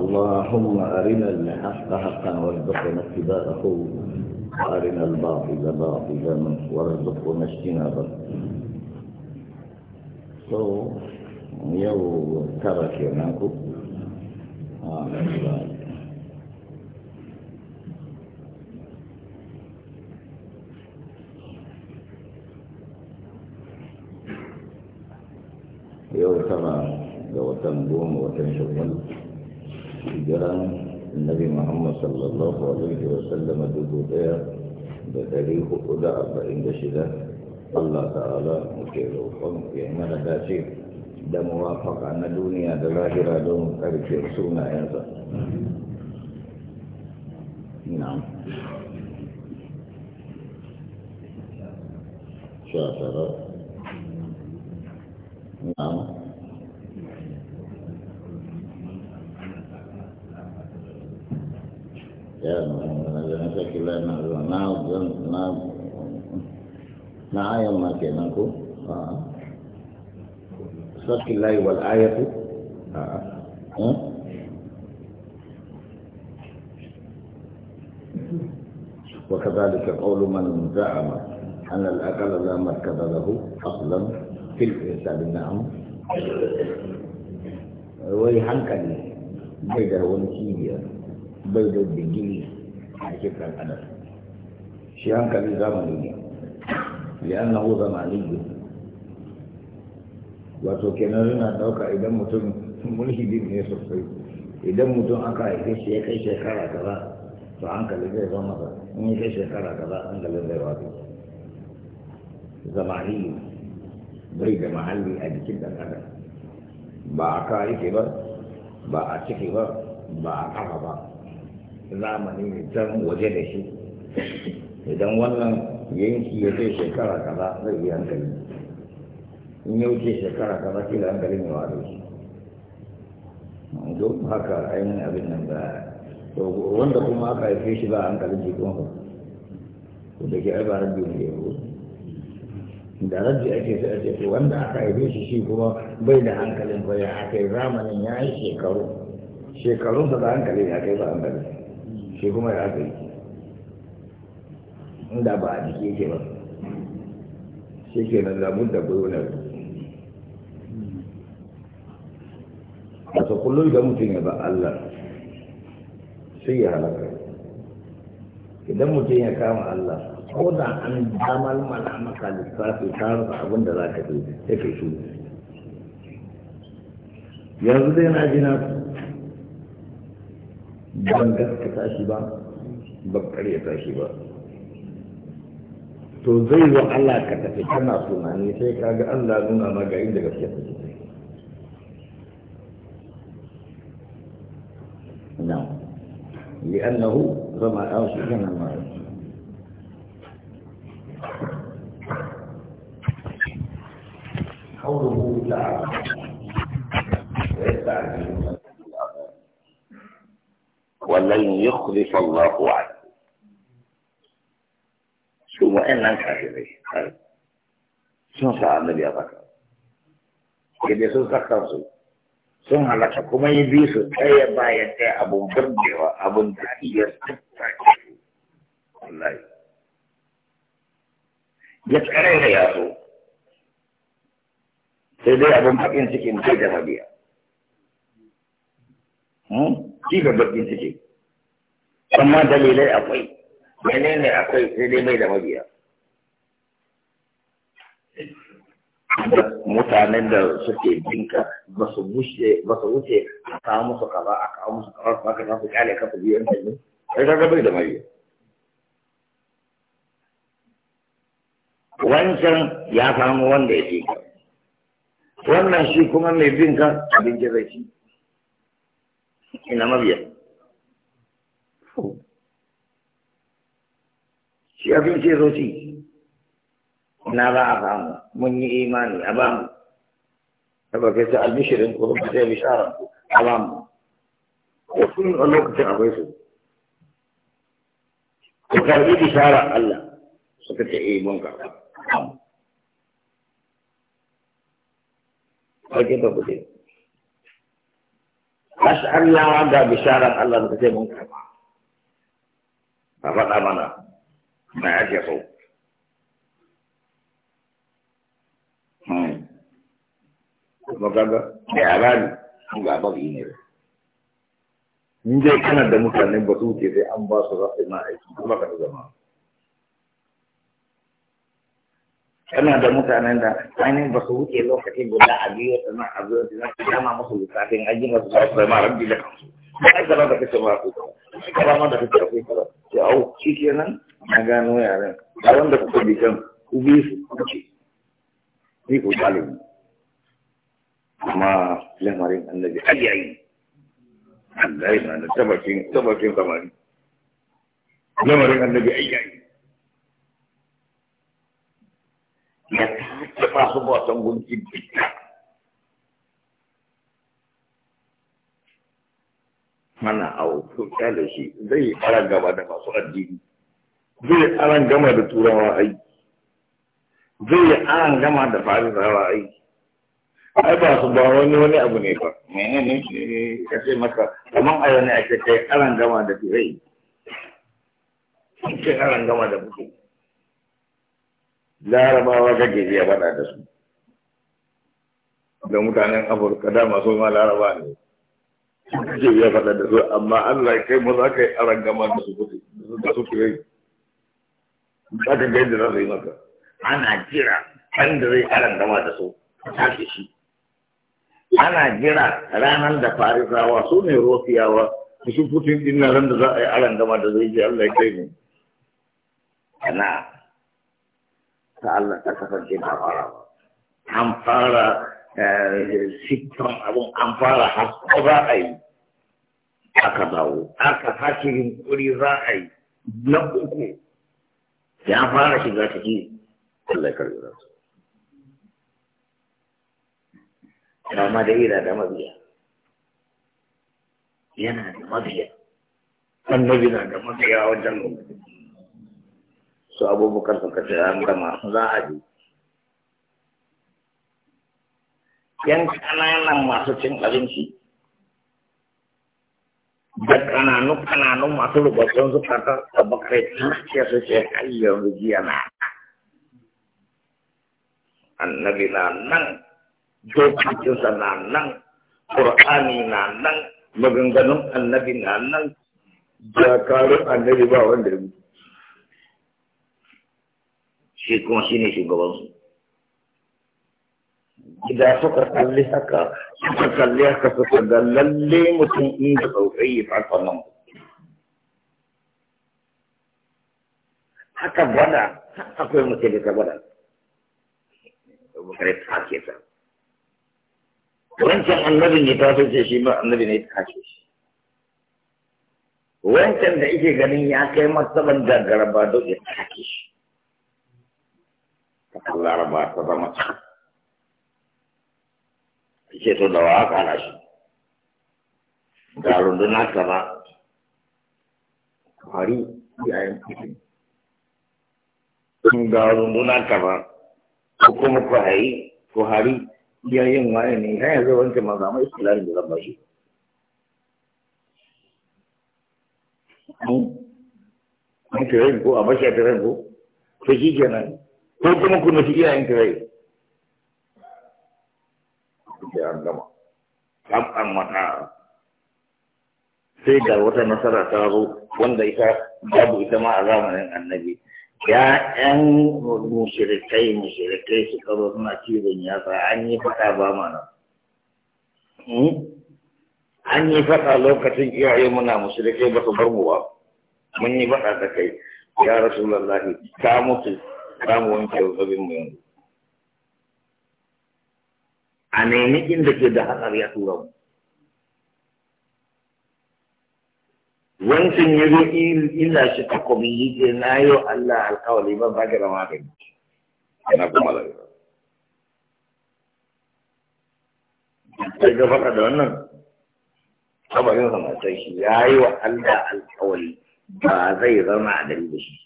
اللهم أرنا الحق حقا وارزقنا اتباعه وأرنا الباطل باطلا وارزقنا اجتنابه so يو ترك يناكو يو ترى يو ga وتنشغل hijiran annabi Muhammad sallallahu alaihi wasallam dubu daya da dari hudu da arba'in da shida Allah ta'ala muke roƙon ya mana dace da muwafaka na duniya da lahira don karfe sunayensa. Na'am. Sha tara. Na'am. شكلها نظر نظر نظر نعاية ما كنكو صدق الله والآية وكذلك قول من زعم أن الأكل لا مركز له أصلا في الإنسان النعم ويحنكني بيد هو بيد الدجيل jikin ɗan adam shi hankali zamani ne li'annahu zamaniyyu wato kenan yana dauka idan mutum mulhidin ne sosai idan mutum aka haife shi ya kai shekara kaza to hankali zai zama ba in ya kai shekara kaza hankalin zai wato zamaniyyu bai da mahalli a jikin dan adam ba a ka yake ba ba a ciki ba ba a kafa ba zamani can waje da shi idan wannan yanki ya zai shekara kaza zai yi hankali in ya wuce shekara kaza kila hankalin ya wato shi don haka ainihin abin nan ba wanda kuma aka haife shi ba hankalin jikin kuma ko da ke aibarar biyu ne ya da rabbi ake sai ake ce wanda aka haife shi shi kuma bai da hankalin ba ya aka yi zamanin ya yi shekaru shekarunsa da hankali ya kai ba hankali shi kuma ya aka yi inda ba a jiki yake ba shi ke nan labun da bai wani a kullum da mutum ya ba Allah sai ya halaka idan mutum ya kama Allah ko da an damar malamaka maka lissafi ta rasa abin da za ka yi sai ka shi yanzu dai na ji na ban gaskata shi ba ban karyata shi ba to zai zo Allah ka tafi kana suna tunani sai ka ga Allah nuna ma ga inda gaskiya take نعم لأنه رمى أو سكن المعرفة walan yi Allahu wa'ada su wa'annan kafirai sun sa annabi ya saka sai sun saka su sun halaka kuma yi bi su tsaye bayan ɗaya abun burgewa abun da iya tattake su wallahi ya tsare da yaso sai dai abun bakin cikin ta da mabiya shi bakin cikin amma dalilai akwai menene akwai sai dai bai da mabiya mutanen da suke binka ba su wuce a kawo musu kaza a kawo musu kaza su maka nasu kyale ka su biyan da ne sai ka bai da mabiya wancan ya samu wanda ya ce wannan shi kuma mai binka abin zai ci ina mabiya babu shi abinci ya zo na ba a samu mun yi imani a ba mu da albishirin ko ba ta bisharar ku a ba mu ko kun a lokacin akwai su ku Allah suka ce eh, mun ba kuɗi. ga Allah suka ce mun a faɗa mana na ake so hmm. kuma da yara ne an ga ba ne ba in dai kana da mutanen ba su wuce sai an ba su za na aiki kuma ka zama kana da mutanen da ainihin ba su wuce lokaci guda a biyu sannan a biyu sannan ka dama musu lissafin aji ba su za su ma rabbi da kansu ai a da kace ma ku gaba ma da kace ku gaba ya au shi kenan na gano yaran da wanda kuka bi ku bi su kuce ni ko dalili amma lamarin annabi ayyayi Allah yana da tabbacin tabbacin kamari lamarin annabi ayyayi ya ta ba su ba san gunki dukkan mana awo ko kyale shi zai aran gaba da masu addini zai aran gama da turawa ai zai aran gama da farisawa ai ai ba su ba wani wani abu ne ba ne ka ce maka amma a ne ake kai aran gama da turai ake aran gama da mutu larabawa kake biya bada da su da mutanen afirka da masu ma laraba ne je ya faɗa da su amma Allah ya kai maza ka yi aran gama da su kuɗi da su kire za ka ga yadda za su yi maka ana jira kan da zai aran gama da su ta ke shi ana jira ranar da farisawa su ne rofiyawa su putin din na da za a yi aran gama da zai je Allah ya kai mu ana ta Allah ta kasance na fara an fara Eh, eh, sikon abun an fara za a yi aka dawo aka sake yunkuri za a yi na uku ya fara shiga ciki Allah ya karbi rasu da yana da mabiya yana da mabiya annabi na da mabiya wajen lokaci su abubakar suka ce an gama za a je yan ƙananan masu cin abinci da ƙananu kananu masu rubutun zukata da bakai tafiya su ce har yanzu jiya na annabi na nan dokokinsa na nan ƙur'ani na nan maganganun annabi na nan jakarun annabi ba wanda ya mutu shi kuma shi ne idan suka kalli haka suka kalli haka suka ga lalle mutum inda tsautsayi ya fasa nan haka gwada akwai mutum da ta gwada bukari ta ke ta wancan annabi ne ta fice shi ba annabi ne ta kashe shi wancan da ike ganin ya kai martaban da garba duk ya kashe shi ta kallara ba ta zama ta ce to da wa aka hana shi ga runduna kaza hari yayin fitin sun ga runduna kaza ko kuma ku hari ko hari yayin waye ne kan yanzu wanke maza mai islamin da zan bashi an kira ko a bashi a kira ko to shi kenan ko kuma ku nufi iyayen kira suke an gama an mata sai da wata nasara ta zo wanda ita babu ita ma a zamanin annabi ya'yan mushirikai mushirikai su karo suna cizon sa an yi faɗa ba mana hmm? an yi faɗa lokacin iyaye muna mushirikai ba su bar mu ba mun yi faɗa da kai ya rasu lallahi ta mutu za mu wanke zubin mu yanzu a nemi inda ke da hatsari a tura mu wancan ya zo illa shi takobi yi ce na yi wa Allah alkawali ban ba ka da magani yana kuma da sai ga faɗa da wannan sabarin sa shi ya yi wa Allah alkawali ba zai zama a dalilin shi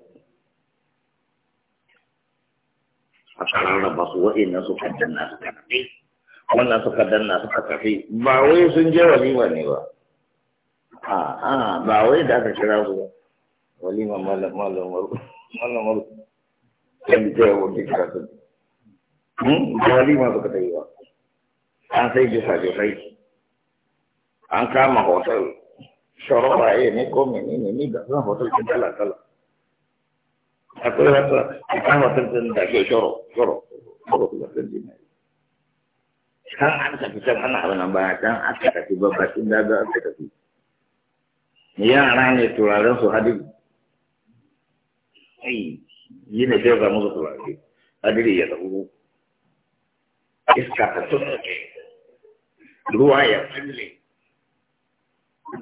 aka rarraba su wa'annan suka danna suka tafi wannan suka danna suka tafi ba wai sun je walima ne ba a'a ba wai da aka kira su walima malam malam malam malam kan je wani kira su hmm ba walima suka tafi ba an sai ji sa sai an kama hotel Shoro ba ne ko menene ni zan hotel kin kala kala akwai wanda a kama tantan da ke shoro shoro shoro kuma tantan ne kan an tafi can ana abu nan baya kan aka tafi babbakin da da aka tafi yara ne turaren su hadiri ai yi ne sai ga musu turare hadiri ya zauro iska ta tunake ruwa ya falle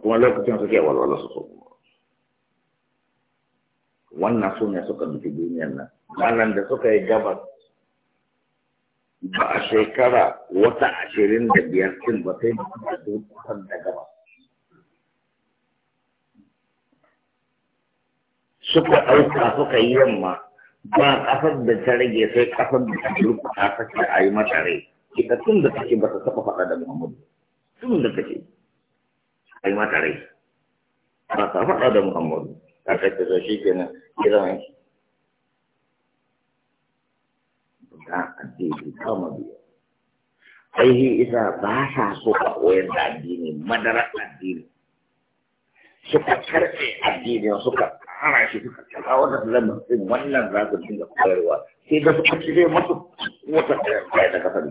kuma lokacin suke walwala wannan su ne suka nufi duniyar nan wannan da suka yi gabas ba a shekara wata ashirin da biyar cin ba sai da suka zo kusan da gabas suka ɗauka suka yi yamma ba ƙasar da ta rage sai ƙasar da ta durkuta take a yi mata rai ita tun da take ba ta taɓa faɗa da muhammadu tun da take a yi mata ba ta faɗa da muhammadu a kake da shi kenan kiran shi da addini kama biyu ainihin isa ba sa so a koyar da addini madarar addini suka karfe addini suka kara shi suka kara wanda su zama sun wannan za su dinga koyarwa sai da suka cire masu wata kai da kasar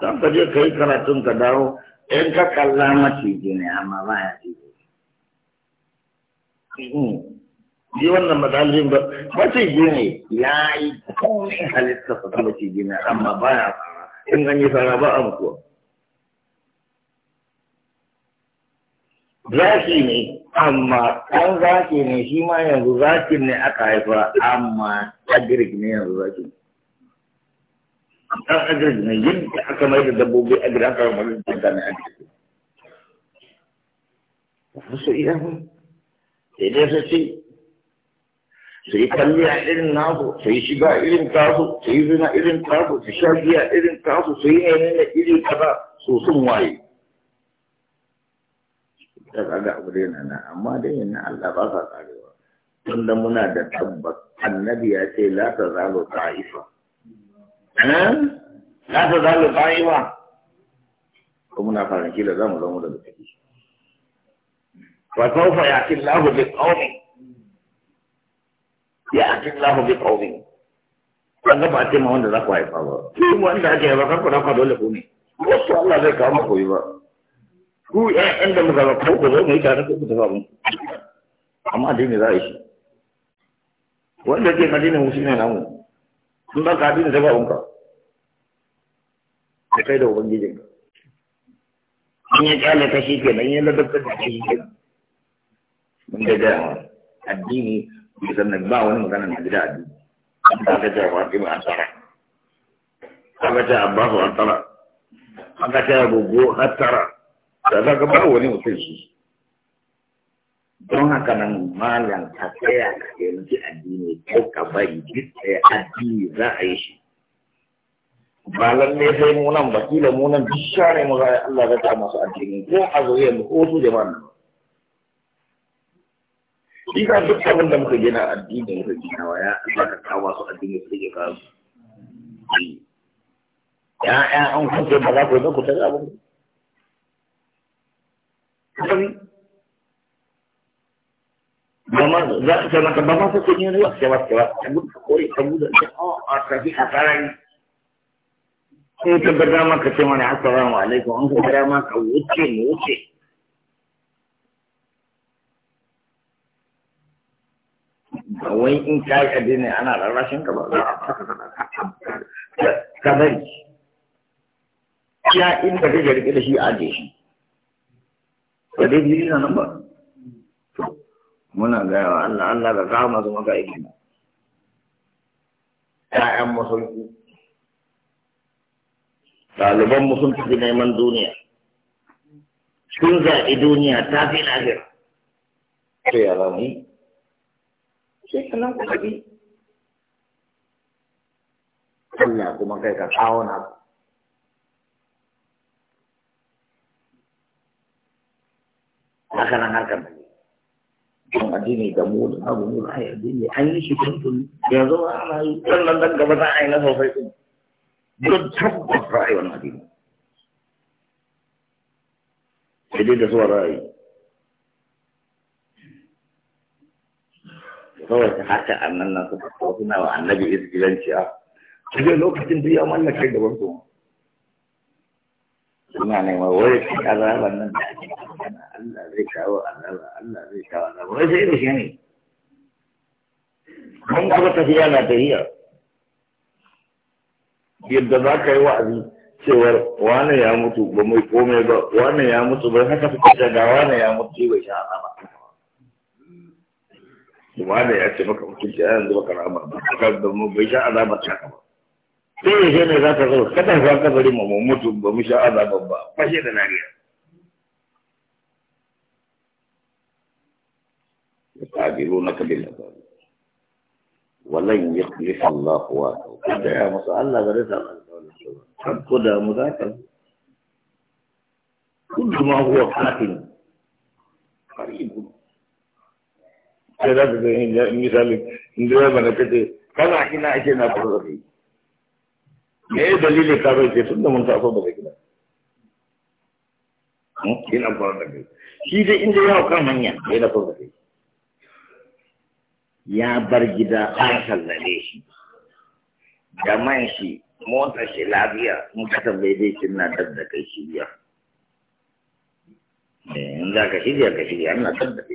don ka je ka yi karatun ka dawo in ka kalla maciji amma ba ya ci yi wannan matsalolin ba maciji ne ya yi komai halitta su ta maciji amma ba ya in an yi fara ba a mutuwa zaki ne amma an zaki ne shi ma yanzu zaki ne aka haifa amma agirik ne yanzu zaki an agirik ne yin da aka mai da dabbobi agirik aka mai da dabbobi agirik wasu iyahu sai dai su ci su yi kalliya irin nasu su yi shiga irin tasu su yi zina irin tasu su sha biya irin tasu su yi menene irin kaza su sun waye ta kaga abu dai na amma dai yana Allah ba sa karewa tunda muna da tabbas annabi ya ce la ta zalo ta'ifa eh? la ta zalo ta'ifa ko muna fara kila za mu zama daga ciki وسوف يأتي الله بقوم يأتي الله بقوم wanda ba ce ma wanda za ku haifa ba ku wanda ake haifa kan ku dauka dole ku ne Ko wasu Allah zai kawo muku yi ba ku ƴaƴan da muka ba ku zo mu yi tare ku tafi abin amma addini za a yi shi wanda ke addinin musu ne namu sun ba ka addini ta ba ka. da kai da ubangijinka in ya kyale ka shi kenan in ya ladabta da shi nan. mun ga jawa addini sannan ba wani magana na gida addini an ta ga jawa ɗin an tara an ga jawa ba su an tara an ga jawa gogo an tara da za ka ba wani mutum shi don haka nan malam ka tsaya ka yanzu addini ko ka bari duk tsaya addini za a yi shi ba lalle sai munan ba kila munan nan duk share mu za Allah ya ta masu addini ko a zoye mu ko su jama'an Bisa duk abin da muka gina addini muka gina wa ya saka kawo su addini su rike kawo su. ‘Ya'ya an kuke ba za ku zo ku ta zaɓa ku. Mama ta ba ma su kun yi ne ba ta ba ta ba ta gudu ka kore ta gudu ta oh, a tafi a tsarin. Sun ta ga dama ka ce mana assalamu alaikum an ka ga dama ka wuce mu wuce. in kai addini ana rarrashin ka ba ka bari ya inda ka rike da shi aje shi ba dai jiri na nan ba muna gaya wa Allah Allah ka kawo masu maka aiki. ilimi ƴaƴan musulmi ɗaliban musulmi su neman duniya sun zaɓi duniya ta fi lahira. Sai ya zama sai nan ku kabi Allah kuma kai ka kawo na haka nan harkar da ne kan addini da mu da abu mu da addini an yi shi kuntun yanzu ana yi wannan dan gaba za a yi na sosai din don tabbata ra'ayi wannan addini sai dai da zuwa ra'ayi kawai ta haka annan nan suka kawo suna wa annabi isgilanci a cikin lokacin duk ya mallaka gaban su suna nema wai shi azaban nan da ake magana Allah zai kawo azaba Allah zai kawo azaba wai sai da shi ne mun kuma tafiya na tafiya yadda za ka yi wa'azi cewar wani ya mutu ba mai komai ba wani ya mutu ba haka suka ga wani ya mutu bai sha azaba wanda ya ce maka mutunci ya yanzu baka rama ba ka da mu bai sha azaba ta ka ba sai ya ce ne za ka zo kada ka ka bari mu mutu ba mu sha azaba ba fashe da nariya يقابلونك بالعذاب ولن يخلف الله وعده kada ya musu Allah gare ta kan ko da mu za ka kullu ma huwa qatil qaribun sai za ka ga in misali in direba na kace kana ina ake na kurzafi me ya dalilin ka bai ce da mun taso ba daga gida hmm? ina fara da kai shi dai inda ya hau kan hanya ya na kurzafi ya bar gida an sallale shi da man shi motar shi lafiya in ka tambaye dai shi na dab da kai shi biya eh, in za ka shirya ka shirya ina tabbata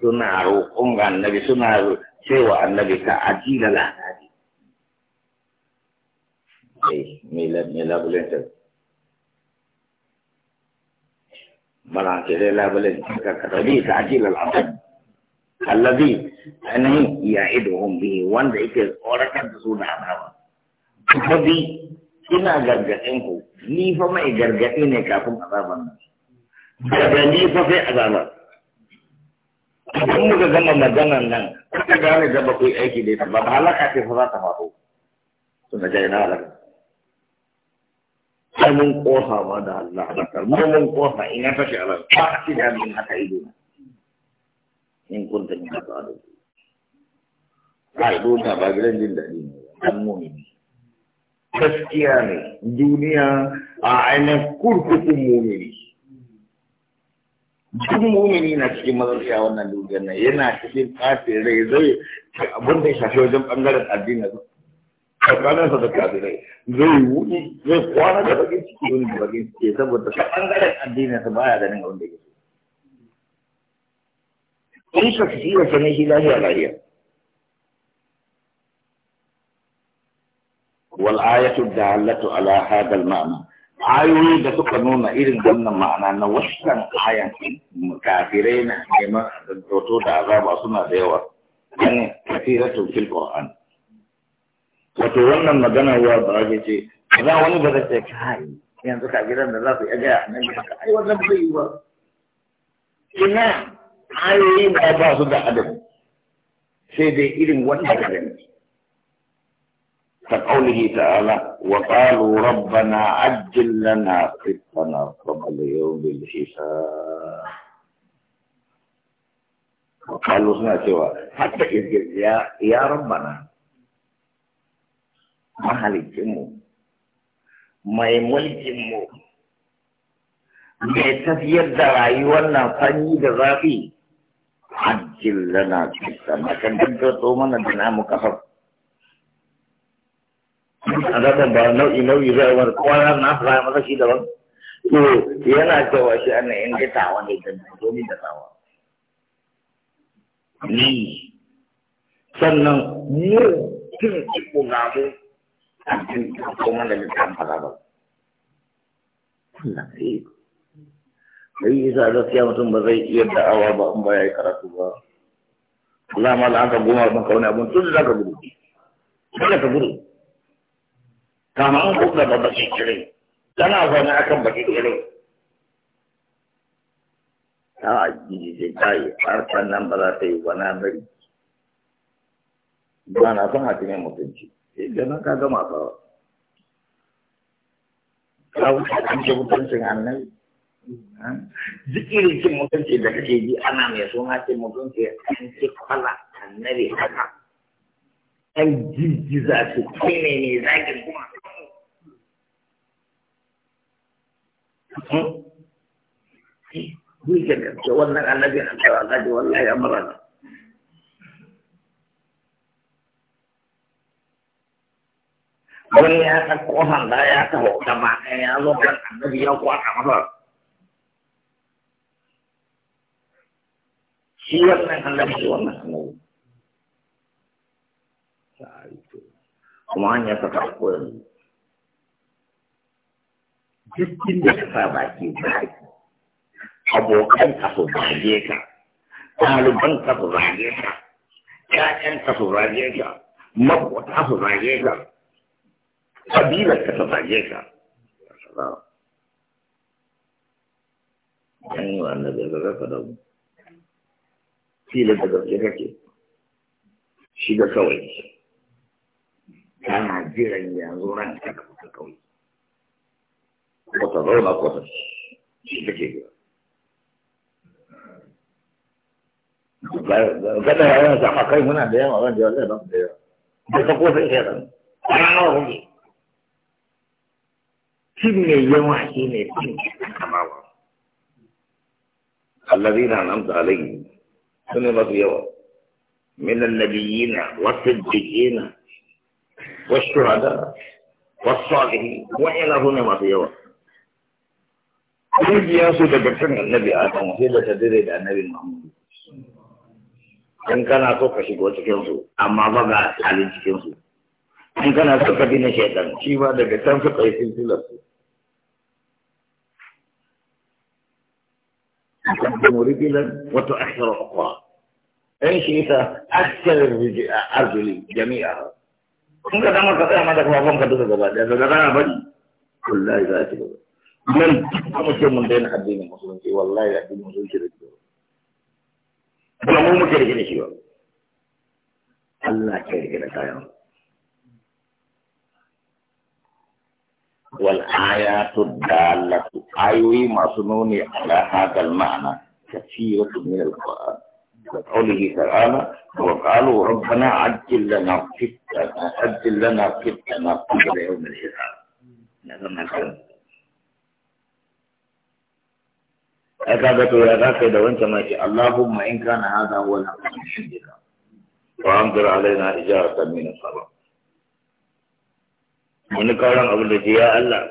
suna roƙon annabi suna cewa annabi ka ajila lahadi eh me la me la bulenta bana ke dai la bulenta ka kadabi ka ajila lahadi allazi anan ya'iduhum bihi wanda yake tsoratar da su da azaba kadi ina gargadin ku ni fa mai gargadi ne kafin azaban nan daga ni fa sai azaban idan muka gama maganan nan kuka gane da ba ku yi aiki da ita ba ba halaka ce fa za ta faru to na jaina halaka sai mun kofa ba da Allah halakar mu mun kosa ina ta shi Allah ba a cikin abin haka ido in kun ta ni haka da ai dole ba gidan jin daɗi ne dan mu'mini gaskiya ne duniya a ainihin kurkukun mu'mini duk mumini na cikin mazarci a wannan duniyar nan yana cikin kafin rai zai abin da ya shafi wajen bangaren addini su tsakaninsa da kafin rai zai wuni zai kwana da bakin ciki wani da bakin ciki saboda ta bangaren addini sa baya ganin abin da ya so in ka fi wa sanin shi lahiya lahiya wal ayatu dallatu ala hadal ma'ana ayoyi da suka nuna irin wannan ma'ana na wasan ayan kafirai na neman toto da azaba suna da yawa yani kafiratu fil qur'an wato wannan magana wa barake ce za wani ba zai kai yanzu ka gidan da za su iya nan ka ai wannan bai yi ba ina ayoyi ba ba su da adam sai dai irin wannan kalmar كقوله تعالى وقالوا ربنا عجل لنا قطنا قبل يوم الحساب وقالوا سنة سوى حتى يقول يا, يا ربنا ما هل يجمو ما يمول يجمو ما يتفير دعائي وانا فاني دعائي عجل لنا قطنا كنت تتوما دنا مكفر azaban ba nau'i nau'i zai war kowa na fara masa shi daban to yana cewa shi annan in dai tawa ne da domin da tawa ni sannan mu kin ko na mu a cikin kuma da littafin fara ba Allah sai sai yasa gaskiya mutum ba zai iya da'awa ba in ba ya yi karatu ba Allah ma la'anka goma ban kauna abun tun da zaka gudu dole ka gudu kama an kuka da baki kire tana zaune akan baki kire ta ajiye zai kayi harkar nan ba za ta yi wani amiri ba na son hatimin mutunci sai da nan ka gama kawa ka wuce an ce mutuncin annabi duk irin cin mutunci da kake ji ana mai sun hace mutunci an ce kwala annabi haka an girgiza su kai ne ne za ki kuma Wikin da wannan annabi an tsawa gaji wallahi amurana. Wani ya ta kohan da ya ta hota ɗaya ya zo annabi ya kwata masa. Shi wannan annabi shi wannan annabi. Kuma hanyar ta ta koyar duk da ka sa baki ba abokan ka su zage ka ɗaliban ka su zage ka ƴaƴan ka su zage ka maƙota su zage ka kabilar ka su zage ka an yi wannan da ga ka da filin da gaske kake shiga kawai kana jiran yanzu ran ka kawai وتظل قدر فكيف كان هذا زعما كيف هنا بيان وغان جوال ايضا بيان في خيرا انا اعرفه كم يوم حين يكون كما الذين انعمت عليهم سنبت يوم من النبيين والصديقين والشهداء والصالحين وإلى هنا ما في يوم ƙungiyar su daga kan annabi Adamu sai da ta da annabi Muhammadu. In kana so ka shigo cikinsu, amma ba ga halin cikinsu. In kana so ka dina shaitan, shi ma daga can suka yi silsilar su. تقدم رجلا وتؤخر أخرى إن شئت أكثر الأرجل ka إن كنت أمر كثيرا ما تكون أفهم كدوك كبار لأنه لا بني كل لا إذا أتي من أمشي من دين حدين مسلم كي والله يحدين مسلم كي رجل أنا مو مكير كي نشي الله كير كي نتايا والآيات الدالة أيوي مصنوني على هذا المعنى كثيرة من القرآن وقوله تعالى وقالوا ربنا عجل لنا فتنا عجل لنا فتنا قبل يوم الحساب ai kaga to ya za kai da wancan mai Allahumma in kana hada huwa al-haqqu min indika wa amdir alaina ijarata min al sama wani karan abin da ke ya Allah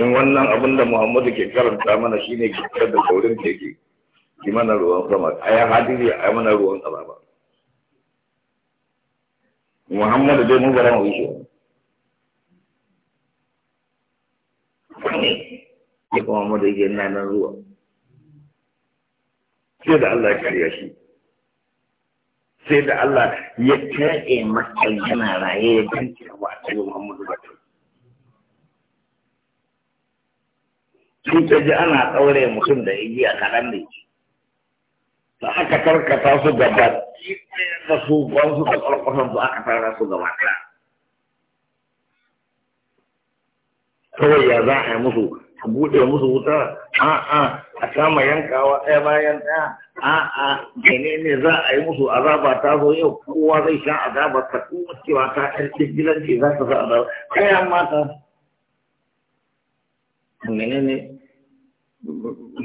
in wannan abin da Muhammadu ke karanta mana shine ke kar da saurin teke ki mana ruwan sama ai hadiri ai mana ruwan sama ba Muhammadu dai mu bara mu yi shi shi kuma mu da yake nan zuwa sai da Allah ya karya shi sai da Allah ya kare masa yana raye ya danke wa sai Muhammadu ba Sun ta ji ana ɗaure mutum da a kaɗan ne. Da aka karkata su gaba, da su gwansu da ƙwarƙwasan su aka tara su gaba ta. Kawai ya za a yi musu a buɗe musu wuta a a a kama yankawa ɗaya bayan ɗaya a a menene za a yi musu azaba ta zo yau kowa zai sha azaba ta kuma cewa ta ɗan ce za ta sa azaba kayan mata menene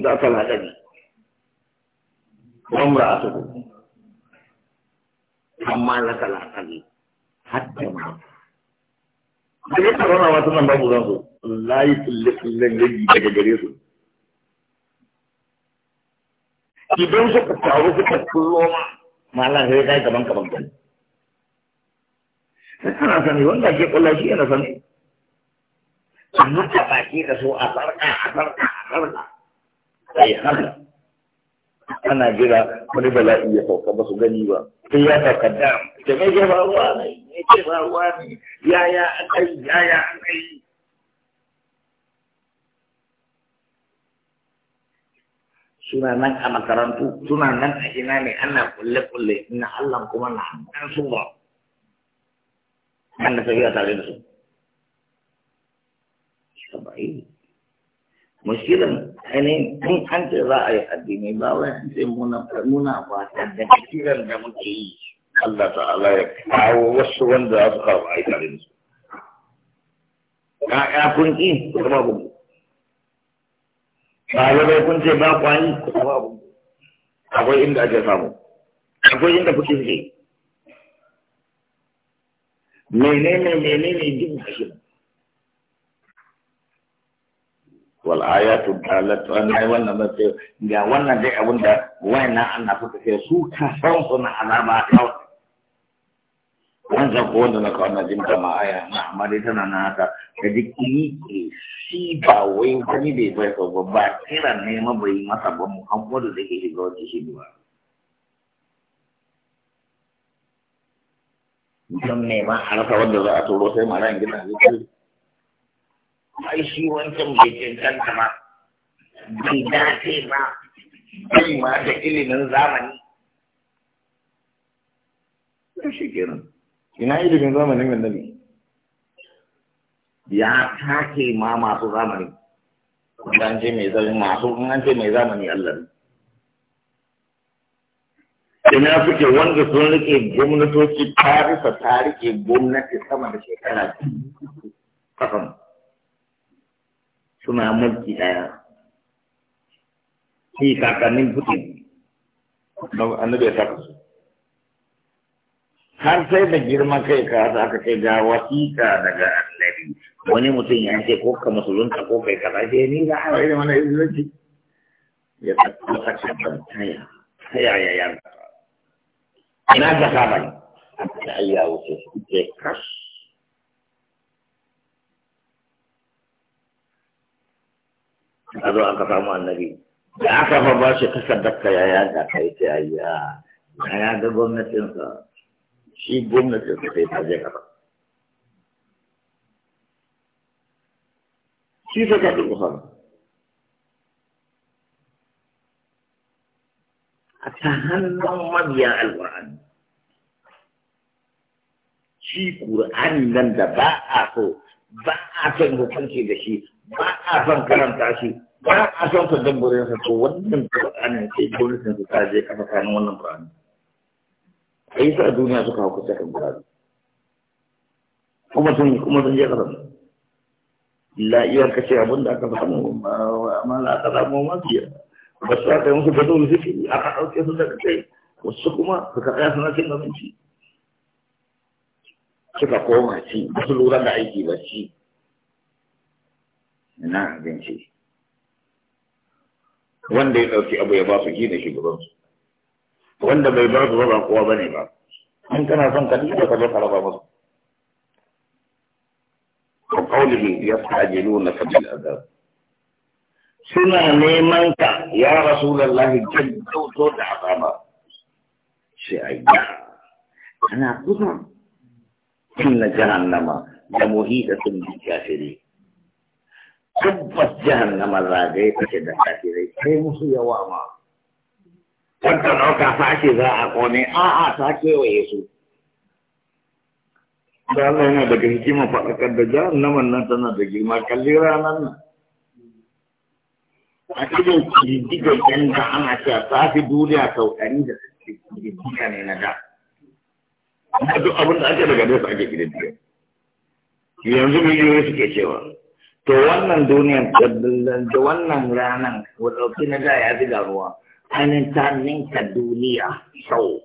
za ta laɗari wamra a tuku amma za ta laɗari hatta mata da ya tsarona wata nan babu zan so layi tsalle-tsallen yaji daga gare su idan suka taru suka kullo ma malam sai kai gaban gaban kai sai ana sani wanda ke kulla shi yana sani an haka baki da su a sarka a sarka a sarka sai haka ana jira wani bala'i ya sauka ba su gani ba sai ya sauka da ta mai gaba ruwa ne ne ke faruwa ne yaya aka yi yaya aka yi suna nan a makarantu suna nan a ina ne ana kulle-kulle na Allah kuma na an su ba an da tafiya tare da su saba'i mushkilan ne in an ce za a yi addini ba wai an ce muna fatan da kiran da muke yi Allah ta'ala ya kawo wasu wanda za su kawo aika da su. Ya kun ƙi ku zama a Ɗalibai kun ce ba kwayi kuma zama gudu. Akwai inda ake samu. Akwai inda kuke suke. Menene menene jin kashin. wal ayatu an wannan wannan ba sai ga wannan dai abinda an na suka sai su ka san suna a kawai wancan ko wanda na kawo na jin kama aya na amma dai tana na haka da duk ke shi ba wai wani bai bai sau ba ba kira ne ma bai masa ba muhammadu da ke shiga wani shi ba don ne ma a rasa wanda za a turo sai mara yin gina zai ai shi wancan bai cancanta ba bai dace ba bai ma da ilimin zamani to shi kenan ina ilimin zamanin annabi ya take ma masu zamani an ce mai zamani masu an ce mai zamani Allah ina suke wanda sun rike gwamnatoci tarisa ta rike gwamnati sama da shekara kasan suna mulki daya shi kakannin putin don annabi ya saka su har sai da girma kai ka za ka ce ga wasiƙa daga annabi wani mutum ya ce ko ka musulunta ko kai kaza ce ni ga hawa irin wani izinin ya tsakko a cikin ya ya ya ina ga A da ayya wuce ke kas a zo aka samu annabi da aka fa ba shi kasar da kaya ya ga kai ta ayya ya ga gwamnatinsa shi gwamnatin su shi a ta hannun mabiya shi ƙur'ani nan da ba a so ba a son hukunci da shi ba a son karanta shi ba a son ka damburinsa to wannan ƙur'anin sai gwamnatin su ta je kafa kanin wannan ƙur'ani a yi a duniya suka hau kusa kan gurare kuma sun kuma sun je kasan illa iya ka ce abin da aka samu amala aka samu mafiya ba su aka yi musu gado da suke aka ɗauke su daga kai wasu kuma suka tsaya suna cin abinci suka koma ci ba su lura da aiki ba ci na abinci wanda ya ɗauki abu ya ba su shi ne shugabansu wanda bai ba su ba kowa bane ba an kana son ka duka ka zo ba raba ko ka kauli ya sajilu na sabil adab suna neman ka ya rasulullahi jaddu to da azaba shi ayya ana kusa inna jahannama da muhidatun bil kafiri tabbas jahannama zagaye take da kafirai sai musu yawa ma kan ka ɗauka sashe za a ƙone a'a ta kewaye su da Allah yana daga hikimar faɗakar da jahannaman nan tana da girma kalli ranar nan a cikin kididdigar yan da ana cewa ta fi duniya sau ɗari da suke kididdiga ne na da amma duk abin da ake daga nesa ake kididdiga yanzu miliyoyi suke cewa to wannan duniyar da wannan ranar wadauki na da ya fi ruwa أنا كان منك دولية شو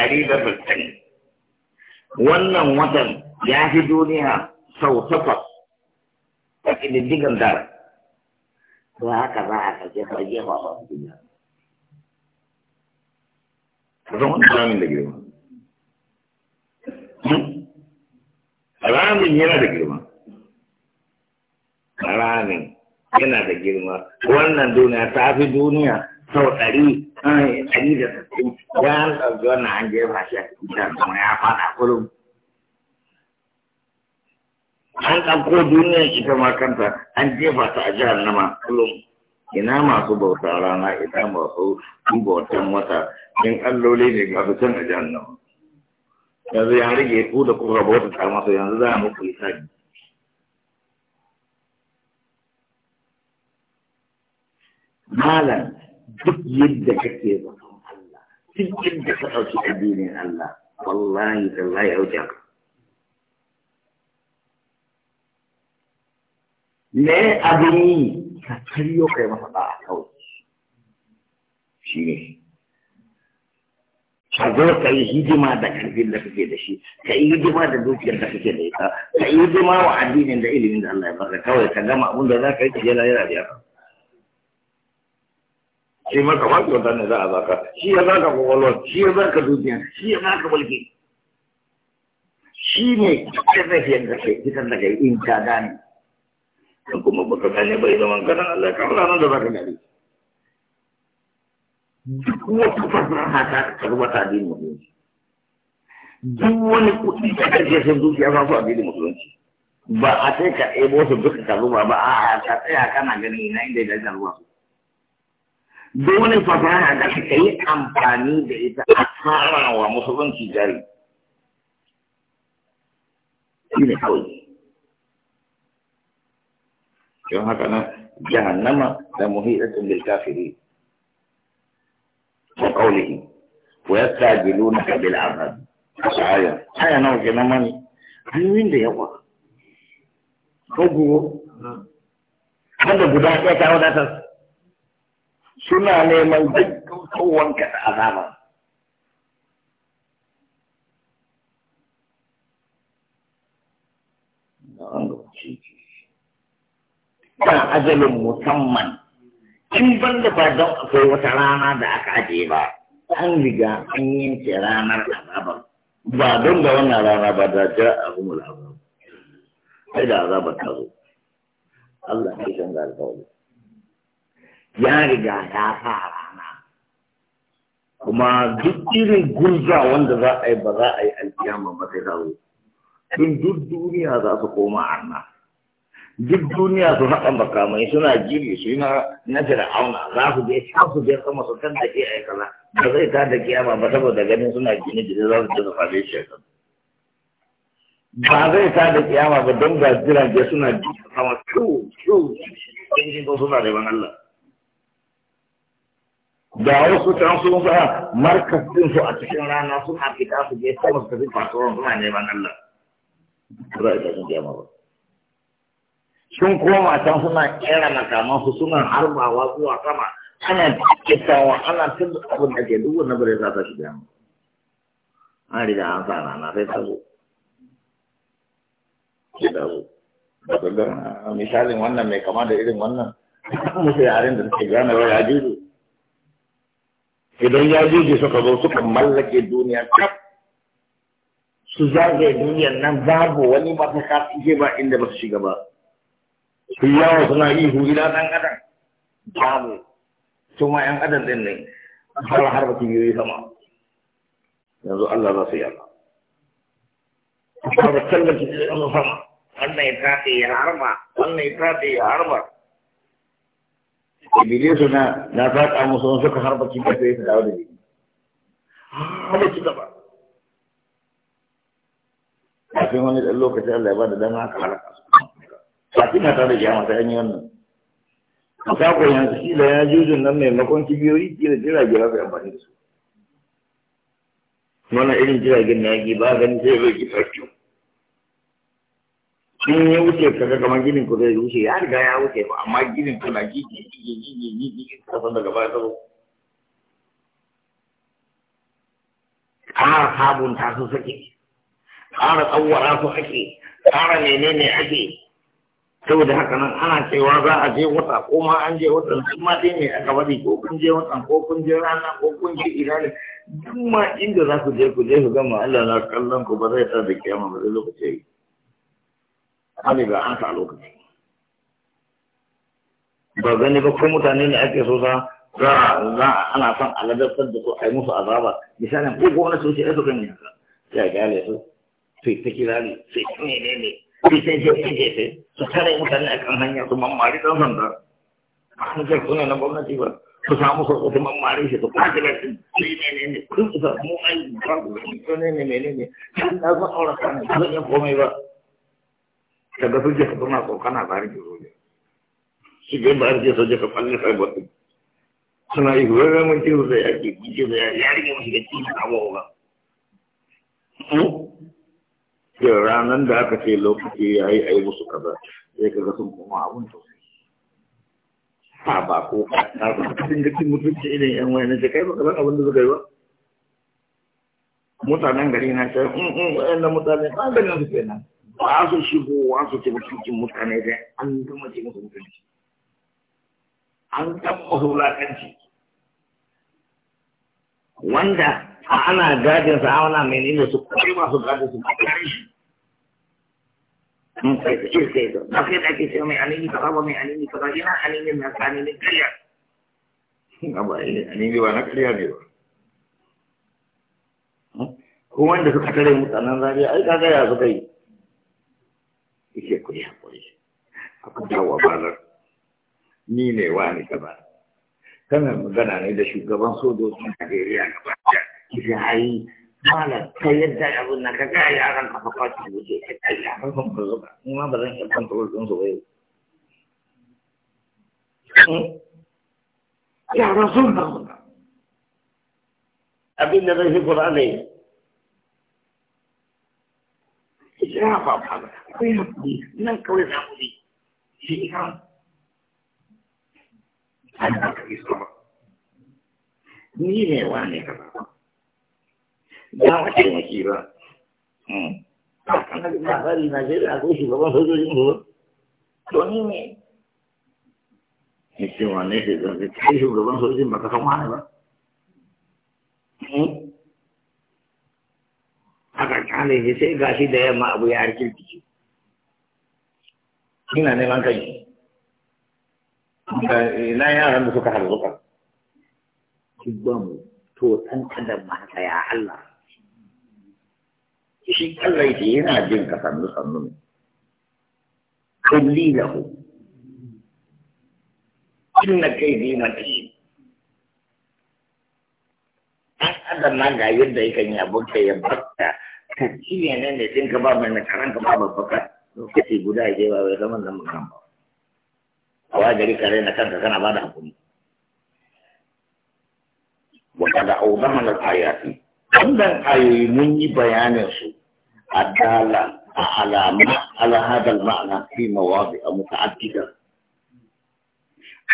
أريد بالسن وانا وطن في دولية شو سفر لكن اللي قم دار وهكا بقى فجيه فجيه وابا فجيه فضون كلام اللي قلوا كلام اللي قلوا كلام اللي قلوا yana da girma wannan duniya ta fi duniya sau ɗari ɗari da sassin ya an ɗauki wannan an jefa shi a cikin kuma ya faɗa kurum an ɗauko duniyar ita ma kanta an jefa ta a jihar nama kullum ina masu bauta rana ina masu bautan wata in alloli ne ga su can a jihar nama yanzu ya rage ku da kuka bauta ta masu yanzu za a muku isaji مالا دك يد حكي بطن الله دك يد فتو تعبين الله والله إذا الله يوجد لي أبني كتريو كي مصدع حوش شيني شعور كي يجي ما دك يجي لك في دشي كي يجي ما دك يجي لك في دشي كي يجي ما وعدين إن دعيلي من الله يبقى كوي كجمع من ذاك يجي لا يرى بيها shi ma kamar kyauta ne za a baka shi ya baka kwakwalwa shi ya baka dukiya shi ya shi ne da ke kitan daga in ta gane da kuma baka gane bai zaman kanan Allah ka fara nan da baka gane duk wata fasara haka ka rubuta addinin musulunci duk wani kuɗi da ka je sai dukiya ba a addinin musulunci ba a sai ka ɗebo su duka ka zuba ba a ka tsaya kana ganin ina inda ya dace ruwa su dole fasaha da ka yi amfani da ita a fara wa musulunci jari shi ne kawai don haka nan jahannama da muhidatun bil kafiri wa qawlihi wa yastajilunaka bil azab aya aya nawa kenan mani hanyoyin da yawa ko gugu wanda guda ɗaya ta wadatar suna neman gaggautowanka da azaba ba ajalin musamman in da ba don akwai wata rana da aka ajiye ba an riga an yanke ranar azabar ba don da wannan rana ba da ja a kuma azabar sai da azabar ta zo Allah ya canza alƙawari ya riga ya sa rana kuma duk irin gurza wanda za a yi ba za a yi alkiyama ba sai dawo. tun duk duniya za su koma arna duk duniya su haɗa makamai suna jiri su yi na fir'auna za su je su je sama su kan da ke a ba zai ta da kiyama ba saboda ganin suna gini gine za su je su fare shekar ba zai ta da kiyama ba don ga jirage suna jiri sama kyau kyau suna da Allah da wasu can sun sa markas su a cikin rana suna fita su je sama su tafi fasuwar suna neman Allah ba ita sun jama ba sun koma can suna kera makaman su suna harbawa zuwa sama ana kittawa ana tun abin da ke duk wannan bare sa ta shi jama an riga an sa rana sai ta zo ke da zo misalin wannan mai kama da irin wannan musu yaren da suke gane wa ya jiri idan ya juji suka zo suka mallake duniya kaf su zagaye duniyan nan babu wani mafaka suke ba inda ba su shiga ba su yawa suna yi ila ɗan adam babu su ma ƴan adam ɗin ne har har ba yi sama yanzu Allah za su yi Allah har ba tallaki Allah sama wannan ya tafi ya harba wannan ya tafi ya harba Ibilisu na na faɗa musu wani harba sai dawo da Kafin wani ba dama Kafin wannan. yanzu shi da ya nan maimakon kibiyoyi kila amfani da su. irin jiragen na ba gani sai ki in ya wuce kaga kamar ginin ku zai wuce ya riga ya wuce ba amma ginin ku na gigi gigi gigi gigi ka san daga baya tsaro ƙara sabunta su sake kara tsawara su ake kara menene ake saboda haka nan ana cewa za a je wata ko ma an je wata sun ma dai ne aka bari ko kun je wata ko kun je rana ko kun je irani duk ma inda za ku je ku je ku gama Allah na kallon ku ba zai da kiyama ba zai lokaci an ga an salo lokaci ba gani ba ko mutane ne ake so sa za za ana son aladar da ko yi musu azaba misalin ko gwamnati sun ce ai kan yi gane su sai ta kira ne sai ta ne ne sai ta je ta je sai su tare mutane a kan hanya su mamari dan sanda an ce kuna na gwamnati ba su samu su su mamari shi su kwace da su ne ne ne ne kun su mu ai ba ku ne ne ne ne ne kan da kan zan yi komai ba kaga soja ka zama tsokana tsarin ki soja shi bai ba harke soja ka falle sai ba suna yi huwar ramin kiwo da yaki kiwo da yaki ya rike mashi da kiwo a mawa hmm? ke ranar da aka ce lokaci ya yi ai musu kaza sai kaga sun koma abun tausayi ha ba ko ka ba ka dinga cin mutunci irin yan waya na kai ba zan abin da suka yi ba mutanen gari na ce in hmm, in hmm, wayan mutane ba ganin su kenan ba su shigowa su ci cikin mutane sai an gama ci masu mutunci an gama wulakanci wanda ana gadin sa ana menene su kai masu gadin su kare shi mun kai ce sai da ba sai da ke cewa mai alini kaza ba mai alini kaza ina alini na tsani ne kariya ne alini ba na kariya ne ba ko wanda suka tare mutanen zariya ai kaga ya suka yi yake ku yi ni ne wa ni kana magana ne da shugaban sojojin Najeriya gaba ta yadda abin na wuce ba in ma ba zan hmm? ba abin da zai fi Qur'ani ya fafa akwai hakuri nan kawai za mu bi shi ika an da ka iso ba ni ne wa ne ka ba ba wa ce waki ba hmm. a kan da labari Najeriya ko shugaban sojojin ruwa to ni ne ya ce wa ne shi zan kai shugaban sojojin ba ka san wani ba hmm. aka kyale shi sai gashi da yamma abu ya harkirkici ina neman kai ina yaran da suka harzuka kibban to ɗan ma ta ya Allah shi Allah yake yana jin ka sannu sannu ne kulli lahu inna kaydi matin ɗan adam na ga yadda yake yi abun ka ya bakka ka ci ne ne ɗin ka ba mai karan ka ba babbaka lokaci guda ke ba bai zaman nan magana ba a wajari kare na kanka kana ba da hakuri wa kada auzaha na ayati wannan ayoyi mun yi bayanin su adala على على هذا المعنى في daban متعددة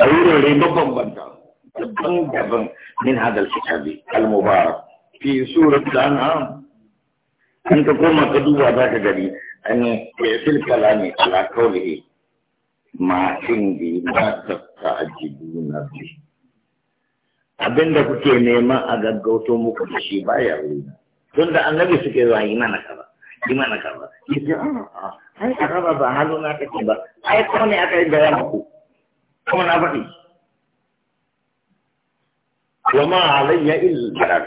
خير لبطن بطن بطن من هذا الكتاب المبارك في ta koma أنت duba za ذاك gari. أن في الكلام على قوله ما عندي ما تستعجبون bi. abin da kuke nema a gaggauto muku da shi baya wuri tun da annabi suke zuwa yi mana kaza yi mana kaba. yi ce a ai a raba ba halu na kake ba ai ko ne aka yi gaya muku kuma na faɗi wa ma alayya illa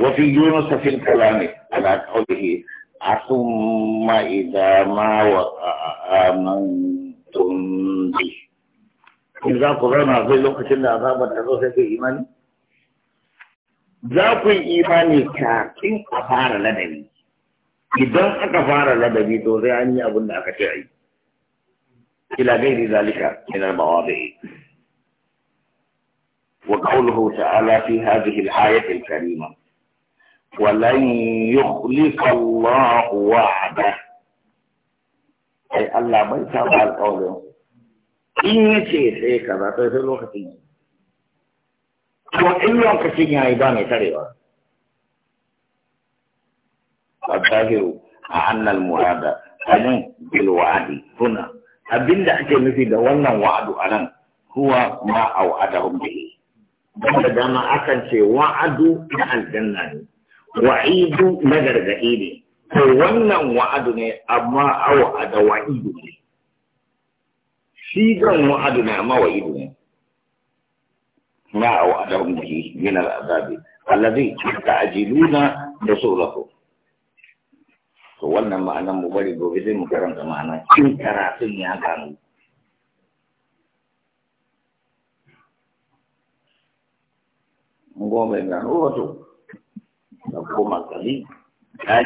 wa fi yunus fil kalami ala qawlihi ثم إذا ما وقع به in za ku zauna akwai lokacin da azabar ta zo sai ku za ku yi imani kafin a fara ladabi idan aka fara ladabi to sai an yi abin da aka ce a yi ila zalika wa fi karima ولن يخلف الله وعده أي الله ما يتابع القول إن يتي سيكا لا تسلو خطيئة وإن يوم كسيني أيضاني تريوا فالظاهر أن المراد أن بالوعد هنا أبين دعك مثل دولنا وعد أنا هو ما أوعدهم به da dama akan ce wa'adu na aljanna ne wa'idu na gargaɗi ne to wannan wa'adu ne amma a wa'ada wa'idu ne sigan wa'adu ne amma wa'idu ne Na awa ما وعدهم به من العذاب الذي تعجلون رسوله to wannan ma'anan mu bari gobe zai mu karanta ma'ana in karatun ya gano gobe gano wato da kuma kali